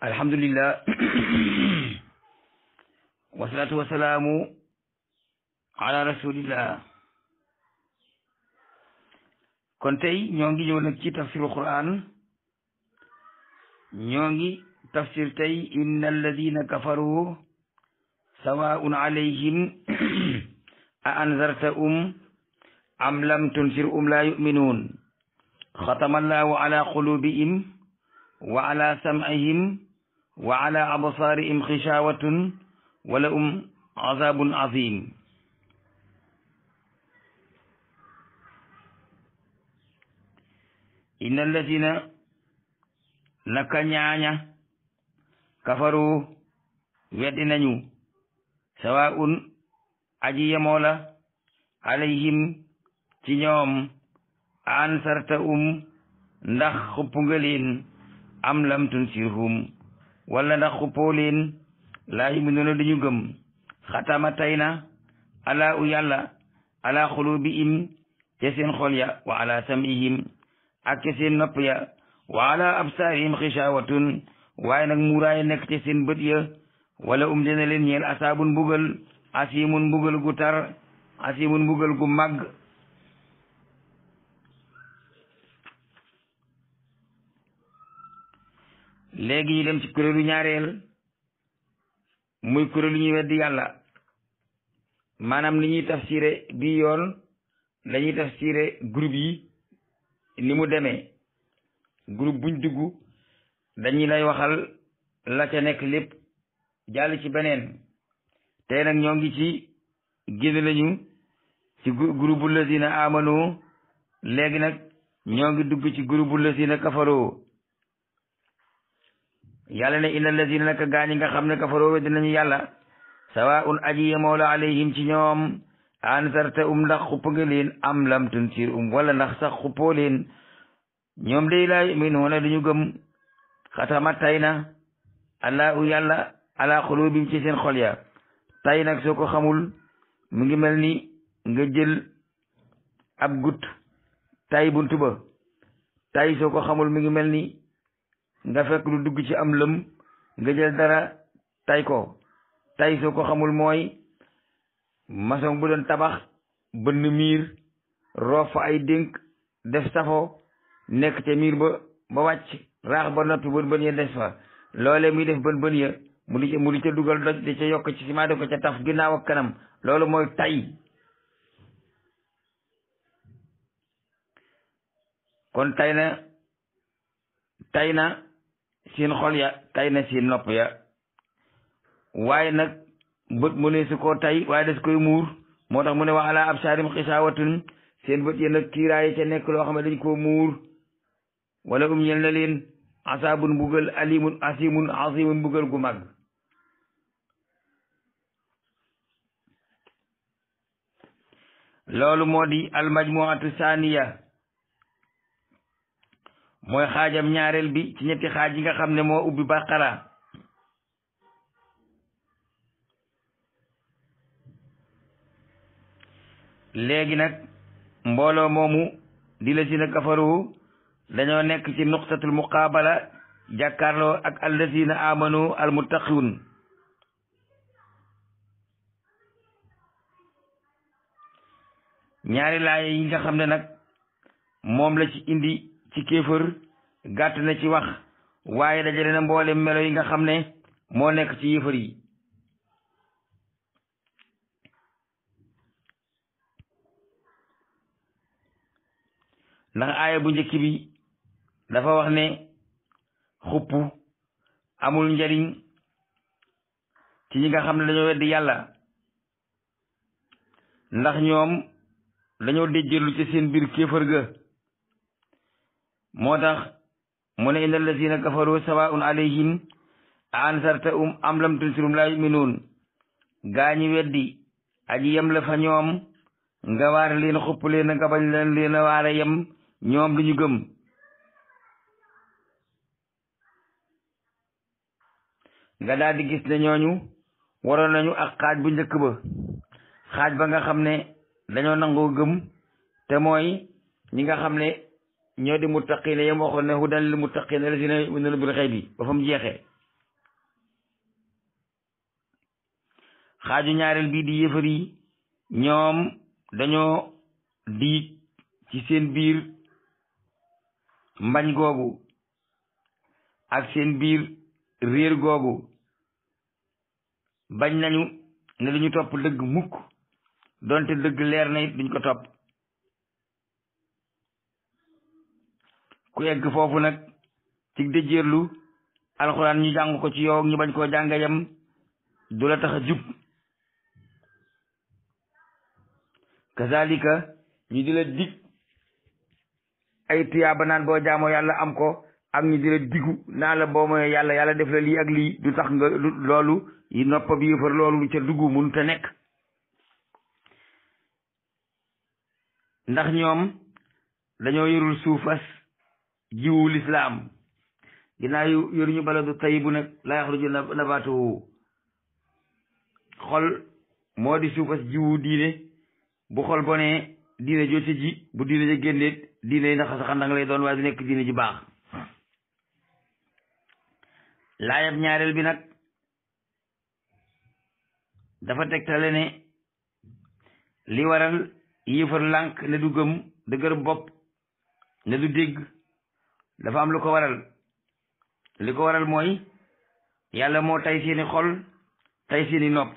alhamdulillah wasalaatu wasalaamu ala rasulillah kon tey ñoo ngi ñëw nag ci tafsiru quran ñoo ngi tafsir tey inna alladina kafaru sawaun alayhim a anzarta um am lam tunsir um la yuminun xatama allahu ala qulubihim wa ala sam'ihim wa ala absaarihim xishawatun wa lahum azabun azim inna alladina naka ñaaña kafaru weddi nañu sawaun aji yemoo la alayhim ci ñoom ansarta um ndax xuppu nga leen am lam tunsirhum wala ndax xuppoo leen laa yuminuuna duñu gëm xatama tay na ala u yàlla ala xuluubihim ca seen xol ya wa ala samihim ak ca seen nopp ya wa ala absaarihim xishawatun waaye nag muuraay nekk ca seen bët ya wala um dina leen ñeel asaabun mbugal asimun mbugal gu tar asimun mbugal gu màgg léegi ñu dem ci kuréelu ñaareel muy kuréelu ñuy weddi yàlla maanaam ni ñuy tafsiré bi yoon dañuy tafsiré groupe yi ni mu demee groupe buñ dugg dañuy lay waxal la ca nekk lépp jàll ci beneen tey nag ñoo ngi ci génn lañu ci groupe bu lazina amano léegi nag ñoo ngi dugg ci groupe bu lazina kafaroo yàlla ne illa lazina naka gaañi nga xam ne kafaroo weddi nañu yàlla sawaun aji yemoo la alayhim ci ñoom ansarta um ndax xuppa nga leen am lam tunsir um wala ndax sax xuppoo leen ñoom day laa yuminuuna duñu gëm xatama tay na allahu yàlla ala xulubim ci seen xol ya soo ko xamul mu ngi mel ni nga jël ab gut tay buntu tay soo ko xamul mu ngi mel ni nga fekk lu dugg ci am lëm nga jël dara tay ko tay soo ko xamul mooy maçon bu doon tabax bënn miir roof fa ay dénk def safo nekk ca miir ba ba wàcc raax ba noppi bën bën ya des fa loolee muy def bën bën ya mu di mu di ca dugal doj di ca yokk ci ciment di ko taf ginnaaw ak kanam loolu mooy tay kon tay na tay na seen xol ya tay na seen nopp ya waaye nag bët mu ne su ko tay waaye des koy muur moo tax mu ne wa ala absaarim xisaawatun seen bët ya nag kiiraay ca nekk loo xam ne dañ koo muur wala um ñel na leen asaabun mbugal alimun asimun asimun mbugal gu mag loolu moo almajmuatu saaniya mooy xaajam ñaareel bi ci ñetti xaaj yi nga xam ne moo ubbi baqara léegi nag mbooloo moomu di la si dañoo nekk ci nuqtatul muqaabala jàkkaarloo ak allasina amanu almuttaqiun ñaari laay yi nga xam ne nag moom la ci indi ci kéefër gàtt na ci wax waaye dajale na mboole melo yi nga xam ne moo nekk ci yëfër yi ndax aaya bu njëkk bi dafa wax ne xupp amul njariñ ci ñi nga xam ne dañoo weddi yàlla ndax ñoom dañoo déjjëlu ci seen biir kéefër ga moo tax mu ne inna allazina kafaru sawaun alayhim a ansarta um am lam tunsirum la yuminuun gaañi weddi aji yem la ñoom nga waare leen xupp leen nga bañ leen leen a waare yem ñoom duñu gëm nga daal gis ne ñooñu waroon nañu ak xaaj bu njëkk ba xaaj ba nga xam ne dañoo nangoo gëm te mooy ñi nga xam ne ñoo di muttaqiina yam waxoon ne hudan lil muttaqiina lazina yu'minuuna bil ghaybi ba fa mu jeexee xaaju ñaareel bii di yëfar ñoom dañoo di ci seen biir mbañ googu ak seen biir réer googu bañ nañu ne duñu topp dëgg mukk doonte dëgg leer na it ko topp ku egg foofu nag ci dëjërlu alxuraan ñu jàng ko ci yow ñu bañ koo jàng yam du la tax a jub kazalika ñu di la dig ay tuyaaba boo jaamoo yàlla am ko am ñu di la digu naa la boo mooy yàlla yàlla def la lii ak lii du tax loolu yi noppa bi yëfar loolu ca dugg mënut a nekk ndax ñoom dañoo yorul suufas jiwu lislaam ginnaaw yoruñu baladu tayibu nag laa yaxruju nabaatuhu xol moo di suufas jiwu diine bu xol bonee diine joote ji bu diine ja génneet diine yi naxa lay doon waaye du nekk diine ji baax laayab ñaareel bi nag dafa tegtale ne li waral yéefar lànk ne du gëm dëgër bopp ne du dégg dafa am lu ko waral li ko waral mooy yàlla moo tay seeni xol tay seeni nopp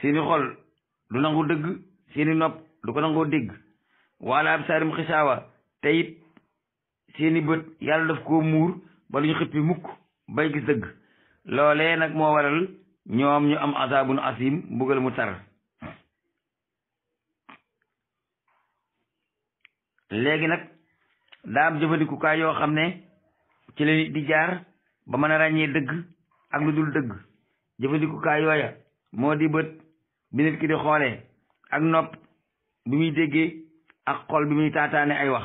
seeni xol du nangu dëgg seeni nopp du ko nangoo dégg wala ab saarim xisaawa te it seeni bët yàlla daf koo muur ba lu ñu xëppi mukk bay gis dëgg loolee nag moo waral ñoom ñu am azaabun asim mbugal mu tar léegi nag daa am jëfandikukaay yoo xam ne ci la di jaar ba mën a ràññee dëgg ak lu dul dëgg jëfandikukaay yooya moo di bët bi nit ki di xoolee ak nopp bi muy déggee ak xol bi muy taataane ay wax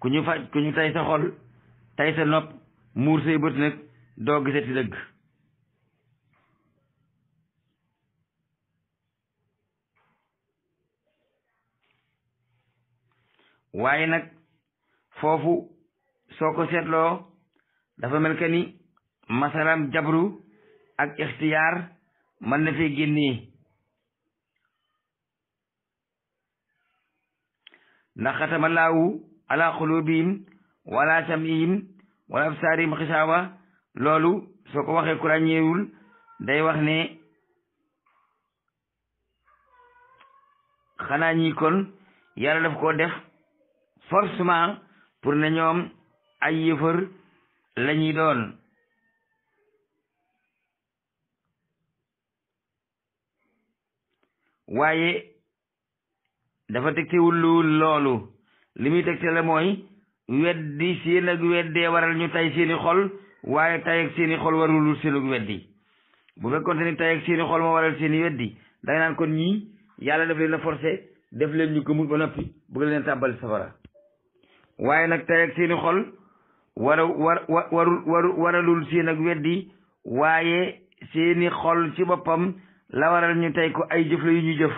ku ñu faj ku ñu tay sa xol tay sa nopp muur say bët nag doo gisati dëgg waaye nag foofu soo ko dafa mel ka ni masalam jabru ak ixtiyaar mën na fee génnee ndax xatama laawu ala xulubihim wala samihim wala absaarihim xisaawa loolu soo ko waxee ku ràññeewul day wax ne xanaa ñi kon yàlla daf koo def forcément pour ne ñoom ay yëfër lañuy ñuy doon waaye dafa tegtewul loolu li muy tegte la mooy weddi seen ak weddee waral ñu tay seeni xol waaye tay ak seeni xol warul seen ak weddi bu fekkoonte ni tay ak seeni xol moo waral seeni weddi da nga naan kon ñii yàlla def leen a def leen ñu gëmul ba noppi bëgg leen tàbbali safara waaye nag tey ak seeni xol war a war warul waru waralul seen ak weddi waaye seeni xol ci boppam la waral ñu tey ko ay jëf la yu ñuy jëf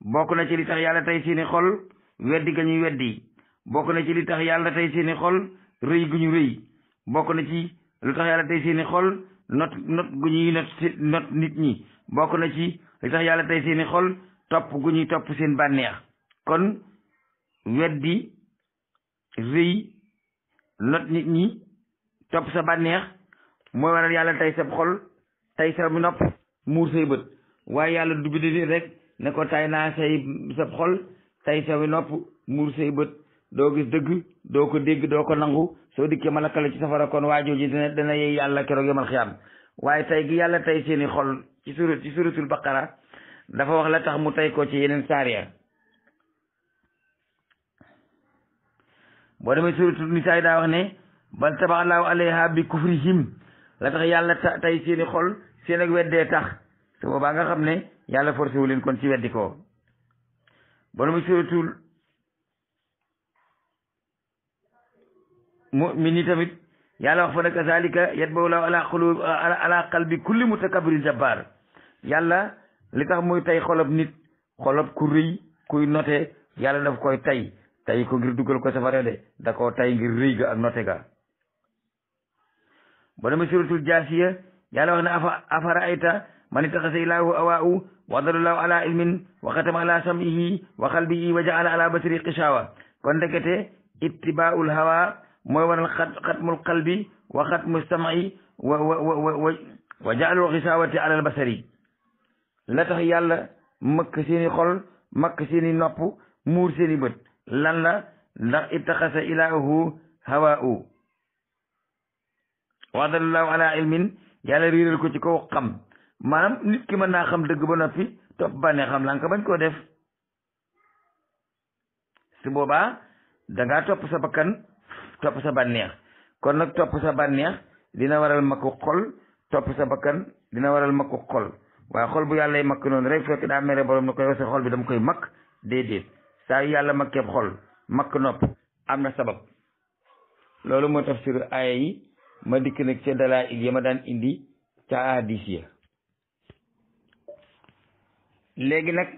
bokk na ci li tax yàlla tey seeni xol weddi ga ñuy weddi bokk na ci li yàlla tey seeni xol rëy gu ñu rëy bokk na ci lu tax yàlla tey seeni xol not not gu ñuy not nit ñi bokk na ci li tax yàlla tey seeni xol topp gu ñuy topp seen bànneex kon weddi rëy lot nit ñi topp sa bànneex mooy waral yàlla tey sa xol tey sa bu nopp muur say bët waaye yàlla du bi nit rek ne ko tay naa sa xol tey sa wi nopp muur say bët doo gis dëgg doo ko dégg doo ko nangu soo dikkee ma lakkale ci safara kon waajoo ji dina dana yey yàlla keroog yemal waaye tey yàlla tey seeni xol ci surat ci suratul baqara dafa wax la tax mu tey ko ci yeneen saar ya boo demee suratul nisaa daa wax ne bal tabaxalaahu alayha bi kufrihim la tax yàlla ta seeni xol seen ak weddee tax su boobaa nga xam ne yàlla forcé wu leen kon ci weddi ko boo demee suratul mu'mini tamit yàlla wax fa ne kazalika yatba'u laahu ala qulubi ala qalbi kulli mutakabbirin jabbaar yàlla li tax muy tey xolob nit xolob ku rëy kuy note yàlla daf koy tey tay ko ngir duggal ko safara de da koo tay ngir rëy ga ak note ga jaasiya yàlla wax afara ayta man ittaxasa ilaahu awaahu wa dalallahu ala ilmin wa xatama ala samihi wa qalbihi wa jaala ala basiri qishaawa kon ndekete ittibaaul hawa mooy waral xatmul qalbi wa xatmu wa wa wa wa jaalul xisaawati ala albasari la tax yàlla makk seeni xol makk seeni nopp muur seeni bët lan la ndax ittaxasa ilaahu hawaahu wa adallahu ala ilmin yàlla réeral ko ci kaw xam maanaam nit ki mën naa xam dëgg ba noppi topp bànnee xam lan ko bañ koo def si boobaa dangaa topp sa bakkan topp sa banneex kon nag topp sa bànneex dina waral makku xol topp sa bakkan dina waral makku xol waaye xol bu yàlla makk noonu rek fekk daa mere borom ni koy wasa xol bi dama koy makk déedéet saa yàlla yàlla makkeeb xol makk nopp am na sabab loolu mooy tafsiru aaya yi ma dikk nag ca dalaa il ya daan indi ca ahadis ya léegi nag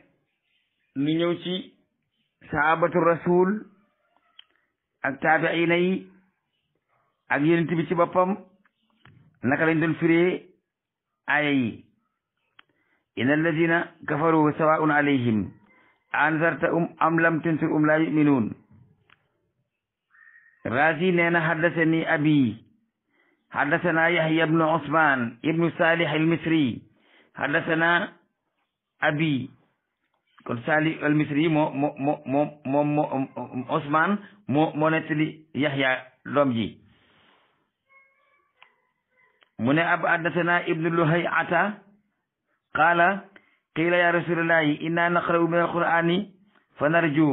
ñu ñëw ci sahabatu rasul ak taabiina yi ak yonent bi ci boppam naka lañ doon firee aaya yi inna alladina kafaru sawaun alayhim anzarta um am lam tunzir um laa yu'minuun razi nee na haddasani abi haddasanaa yahya ibnu usmaan ibnu saalih almisri haddasanaa abi kon saalih almisri moo moo moo moo moom um, moo um, usmaan moo moo nettali yahya doom ji mu ne ab haddasanaa ibnu luhay ata qaala qiila ya rasulullahi inna naqra'u min alqur'ani fa narju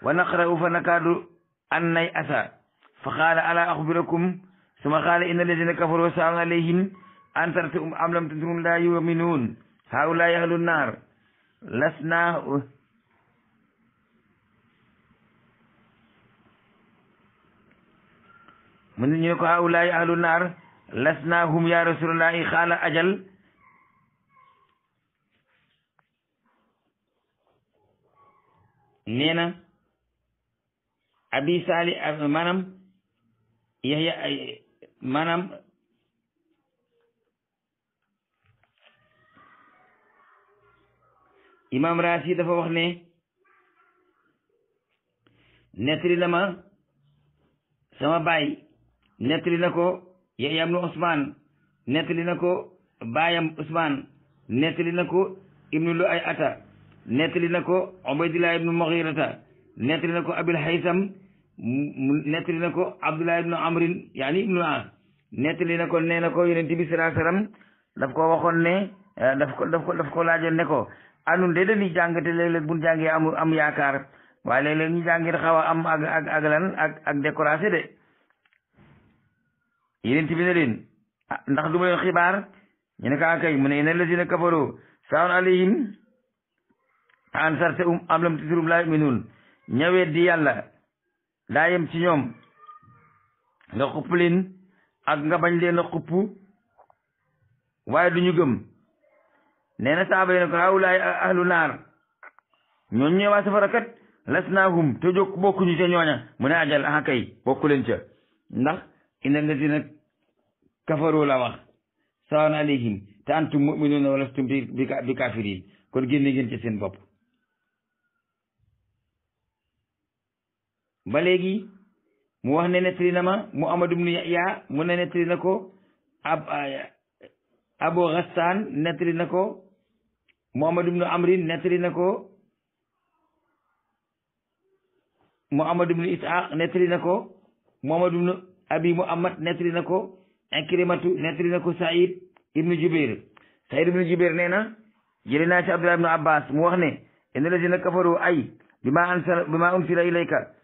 wa naqra'u fa nakaadu an nay asa fa qaala ala axbirakum suma qaala inna alladina kafaru sawa'un alayhim antartum am lam tuntum la yuminun haulaa'i ahlu naar lasna mu ne ñu ko haulaa'i ahlu naar lasna hum ya rasulullahi qaala ajal nee na abi saali maanaam yahya maanaam imam raasi dafa wax ne nettali na ma sama baay nettali na ko yahya ibnu usman nettali na ko baayam usman nettali na ko ibnu lu ay ata nettali na ko Ubaydillah ibnu Mughirata nettali na ko Abil Haysam nettali na ko Abdullah ibnu Amrin yaani ibnu As nettali na ko nee na ko yonent bi sallallahu alayhi wasallam daf ko waxoon ne eh, daf ko daf ko daf ko laajoon ne ko anun de dañuy jàngate léeg bu ñu jàngee am am yaakaar waaye léeg-léeg ñu jàngee xaw a am ak ak ak lan ak ak décoration de yonent bi ne leen ah, ndax du ma leen xibaar ñu ne ko ah, mu ne inna lazina kafaru sawun alayhim an sarte um am lam titurum laa yuminuun ñawet di yàlla daa yem ci ñoom nga xupp leen ak nga bañ leen a xupp waaye du ñu gëm nee na saaba yi ne ko hawlaay ahlu naar ñooñu ñooy safara kat las naahum te jokk bokkuñu ca ñooña mu ne ajal aha kay bokku leen ca ndax inna lazina kafaru la wax sawan alayhim te antum mu'minuuna wa lastum bi bi kaafiriin kon génne ngeen seen bopp ba léegi mu wax ne nettali na ma mu amadu bnu yahya mu ne nettali na ko ab eh, abu ghassan nettali na ko muhammad ibnu amrin nettali na ko muhammad ibnu ishaq nettali na ko muhammad ibnu abi muhammad nettali na ko ikrimatu nettali na ko said ibnu jubair said ibnu jubair nee na jëli naa ibnu abbas mu wax ne inna na kafaru ay bima ansala bima unsila ilayka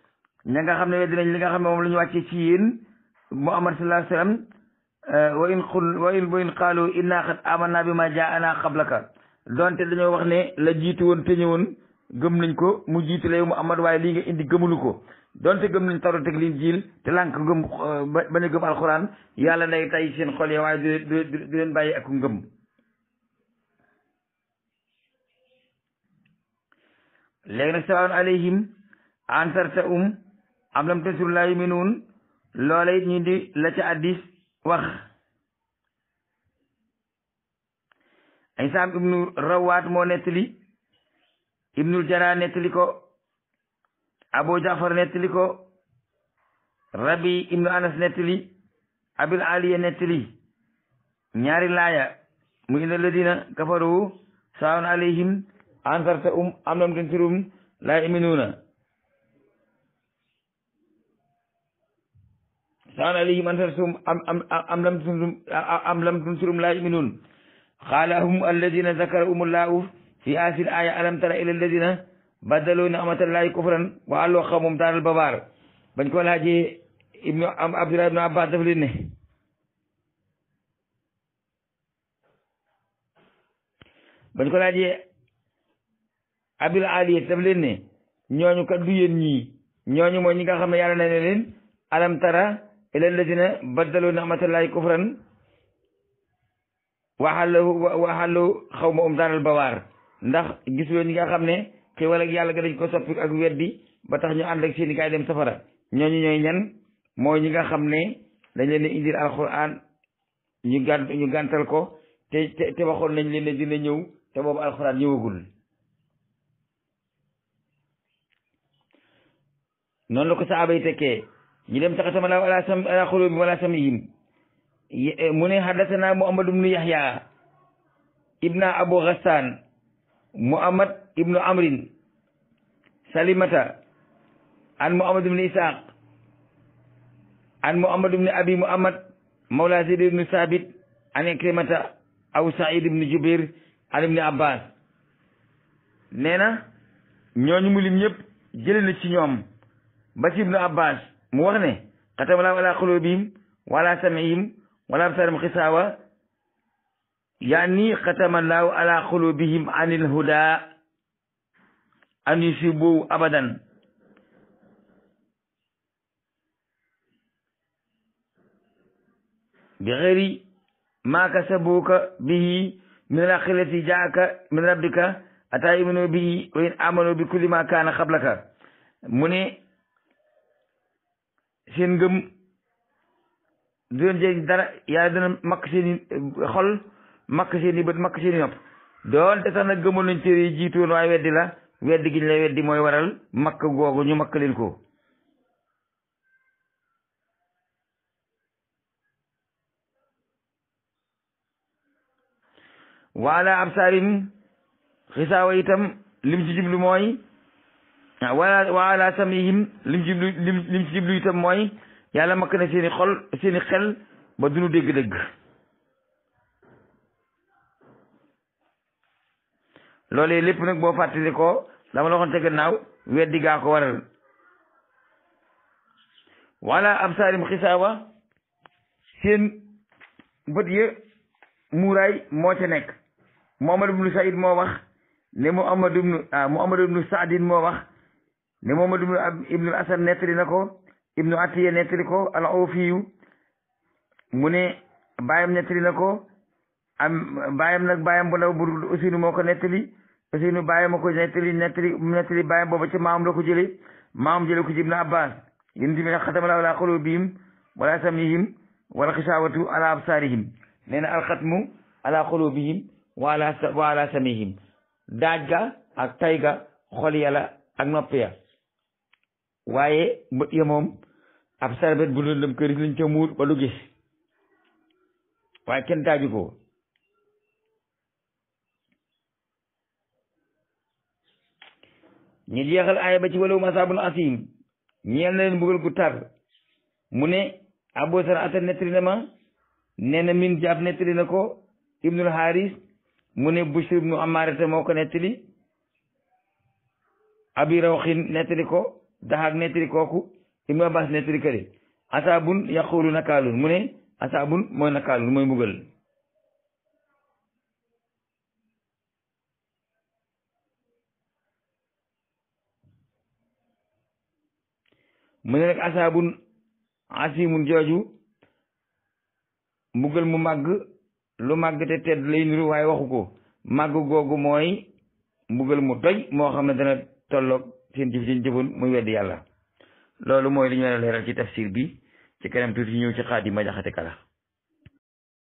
ña nga xam ne weddi nañ li nga xam ne moom la ñu ci yéen muhammad sallallahu alayhi wa sallam euh, wa in qul wa in wa in qaalu inna qad bi ma jaana qablaka donte dañoo wax ne la jiitu woon te ñëwoon gëm nañ ko mu jiitu la mu muhammad waaye lii nga indi gëmulu ko donte gëm nañ tawrat ak linjiil te lànk gëm euh, bañ a gëm alxuraan yàlla day tay seen xol ya waaye du du leen bàyyi ak ngëm léegi nag sawaun alayhim ansarta um am lam tasur laa yuminuun loola it ñu di la ca addis wax Isaam ibnu Rawaat moo nettali ibnul Jara nettali ko Abu Jafar nettali ko Rabi ibnu Anas nettali Abil Aliya nettali ñaari laaya mu inna alladina kafaru saawun alayhim ansarta um am lam tansurum laa yuminuuna سبحان الذي من سرتم أم, أم, أم, لم تنصرم أم لم تنصرم لا يؤمنون قال هم الذين ذكرهم الله في آخر الآية ألم تر إلى bañ ko laajee ibnu abdullah ibnu abbas daf leen bañ ko laajee abdul ali daf leen ne ñooñu kat du yéen ñooñu mooy ñi nga xam ne yàlla na ne leen alam tara ilal lazina baddalu ni'matallahi kufran waxalu waxalu xaw xawma um daaral bawaar ndax gisuloo ñi nga xam ne xiwal ak yàlla ga dañ ko soppi ak weddi ba tax ñu ànd ak seen i dem safara ñooñu ñooy ñan mooy ñi nga xam ne dañ leen di indil alxuraan ñu gàntal ko te te waxoon nañ leen ne dina ñëw te boobu alxuraan ñëwagul noonu la ko saaba yi tekkee ñi dem taxatama la ala sam ala xulubihim wala samihim eh, mu ne haddasana muhammad ibnu yahya ibna abu ghassan muhammad ibnu amrin salimata an muhammad ibnu isaaq an muhammad ibnu abi muhammad mawla zayd ibnu sabit an ikrimata aw said ibnu jubair an ibnu abbas nee ñooñu mu lim ñëpp jëlee ci ñoom ba ci ibnu abbas mu wax ne xatama laahu ala qulubihim wa ala samihim wa ala absarihim xisaawa yaani xatama laahu ala qulubihim anil huda an yusibu abadan bi xëri ma kasabuka bihi min alxilati jaaka min rabbika ata yuminu bihi wa in amanu bi kulli ma kaana xablaka mu ne seen ngëm du leen jëriñ dara yàlla dana makk seen i eh, xol makk seen i bët makk seen i nopp doon sax nag gëmoon nañ téere jiitoon waaye weddi la weddi gi ñu lay weddi mooy waral makk googu ñu makk leen ko waala absaarin xisaawa itam lim ci jublu mooy waaw wala waala lim ci lim lim ci jublu mooy yàlla makk na seeni xol seeni xel ba duñu dégg-dégg loolee lépp nag boo fàttali ko dama la te gannaaw weddi gaa ko waral wala absaarim xisaawa seen bët ya muuraay moo ca nekk Muhammad ibnu Saïd moo wax ne Muhammad ibnu ah, Muhammad ibnu Saadin moo wax ne Muhammad ibnu Asan nettali na ko ibnu Atiya nettali ko al Awfiyu mu ne baayam nettali na ko am baayam nag baayam bu ndaw bu Useynu moo ko nettali Useynu baayam ko nettali nettali nettali baayam booba ci maam la ko jële maam jële ko ci ibnu Abbas yéen tamit xatamalaahu ala qulubihim wala samihim wala xisaawatu ala absaarihim nee na alxatmu ala qulubihim wa ala wa ala samihim daaj ga ak tay ga xol yàlla ak nopp ya waaye bët ya moom ab sarbet bu lëndëm këris lañ ca muur ba du gis waaye kenn daaju ko ñu jeexal aaya ba ci walawu masaabun asim ñeel na leen mbugal gu tar mu ne Abu Sarata nettali na ma nee na min jaab nettali na ko ibnul Haris mu ne Bushr ibnu Amaarata moo ko nettali Abi Rawxin nettali ko daxaak nettali kooku ibnu abbas nettali kële asaabun yaqulu nakaalun mu ne asaabun mooy nakaalun mooy mbugal mu ne màgg lu màgg te tedd lay niru waaye waxu ko màgg googu mooy mbugal mu doy moo xam ne dana tolloog seen jëf seen jëfoon muy weddi yàlla loolu mooy li ñu war a leeral ci tafsir bi ci kanam tuuti ñëw ci xaat yi ma jaxate kala